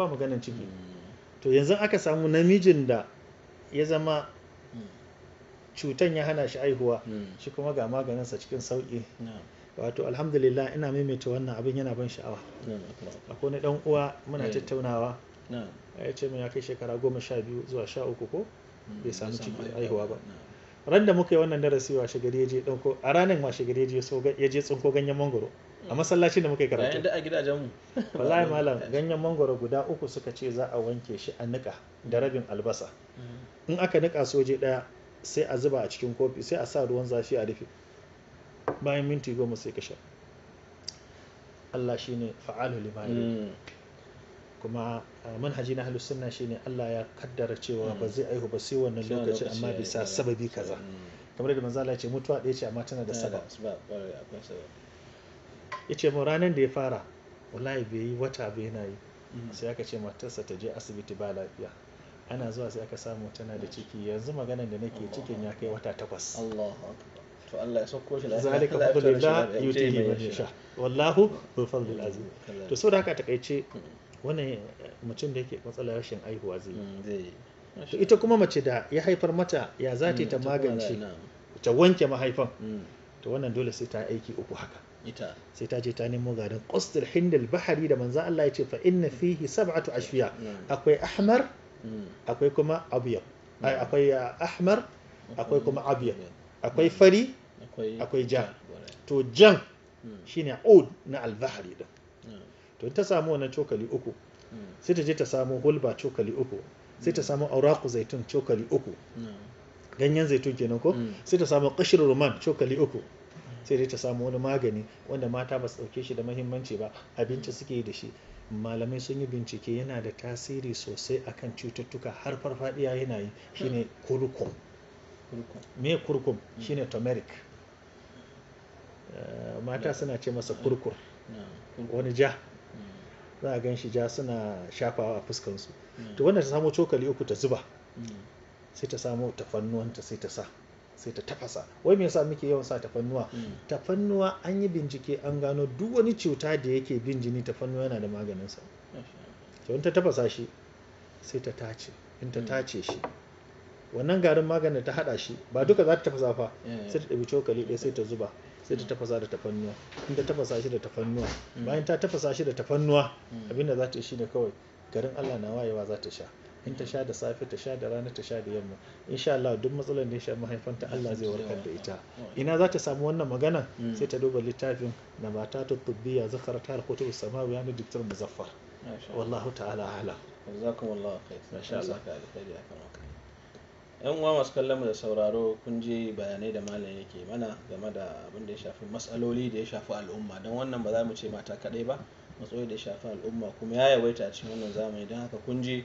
ba maganan ciki mm. to yanzu aka samu namijin da ya zama mm. cutan ya hana shi aihuwa mm. shi kuma ga maganinsa cikin sauƙi wato alhamdulillah ina maimaita wannan abin yana ban sha'awa akwai dan uwa muna tattaunawa ya ce min ya kai shekara goma sha biyu zuwa sha uku ko bai samu ciki aihuwa ba ran da muka yi wannan darasi washe gari ya je ɗauko a ranar washe gari ya je tsinko ganyen mangoro a masallacin da muka yi karatu da a gidajen mu wallahi malam ganyen mangoro guda uku suka ce za a wanke shi a nika da rabin albasa mm. in aka nika soje daya sai a zuba a cikin kofi sai a sa ruwan zafi a rufe bayan minti goma sai ka sha Allah shine fa'alu limani kuma manhaji na suna sunna shine Allah ya kaddara cewa ba zai aihu ba sai wannan lokaci amma bisa sababi kaza mm. kamar da manzo Allah ya ce mutuwa ɗaya ce amma tana da sabab ce mu ranan da ya fara wallahi bai yi wata bai na yi mm. sai aka ce matarsa ta je asibiti ba lafiya ana zuwa sai aka samu tana da ciki yanzu maganar da nake cikin ya kai wata takwas to Allah ya sauko shi lafiya zalika fadlullah yutihi man yasha wallahu bil fadlil azim to saboda haka takeice mm. wannan eh, mutum da yake matsalar rashin aihuwa mm, zai yi to ita kuma mace da ya haifar mata ya za ta mm, magance ta wanke mahaifan mm. to wannan dole sai ta aiki uku haka sai ta je ta nemo garin qasdul hindal bahari da manzan Allah ya ce fa inna fihi sab'atu ashfiya akwai ahmar akwai kuma abyad akwai eh, ahmar akwai kuma abyad akwai fari akwai jan to jan shine od na albahari to ta samu wannan cokali uku hmm. sai ta je ta samu hulba cokali uku sai ta hmm. samu auraku zaitun cokali uku hmm. ganyen zaitun kenan ko sai ta samu kashin roman cokali uku sai dai ta samu wani magani wanda mata ba su dauke shi da mahimmanci ba abinci suke yi da shi malamai sun yi bincike yana da tasiri sosai akan cututtuka har farfadiya yana yi shine kurkum me kurkum shine turmeric eh, mata suna ce masa kurkur wani ja za a gan shi ja suna shafawa a fuskansu hmm. to wanda ta samo cokali uku ta zuba hmm. sai ta samo tafannuwanta sai ta sa sai ta tafasa wai me yasa muke yawan sa tafannuwa hmm. tafannuwa an yi bincike an gano duk wani cuta da yake bin jini tafannuwa yana da maganin sa. to in ta tafasa shi sai ta tace in ta tace shi wannan garin maganin ta hada shi ba duka za ta tafasa fa sai ta ɗabi cokali ɗaya sai ta zuba sai ta tafasa da tafannuwa in ta tafasa shi da tafannuwa mm. bayan ta tafasa shi da tafannuwa mm. abinda za ta yi shine kawai garin Allah na wayewa za ta sha in ta sha da safe ta sha da rana ta sha da yamma insha Allah duk matsalar da ya sha mahaifanta Allah zai warkar da ita ina za ta samu wannan magana mm. sai ta duba littafin na mata ta tubbiya zakar ta harkotu samawi ya na diktar muzaffar wallahu ta'ala ala 'yan uwa masu kallon mu da sauraro kun je bayanai da malam yake mana game da abin da ya shafi matsaloli da ya shafi al'umma don wannan ba za mu ce mata kadai ba matsaloli da ya shafi al'umma kuma ya yawaita a cikin wannan zamani don haka kun je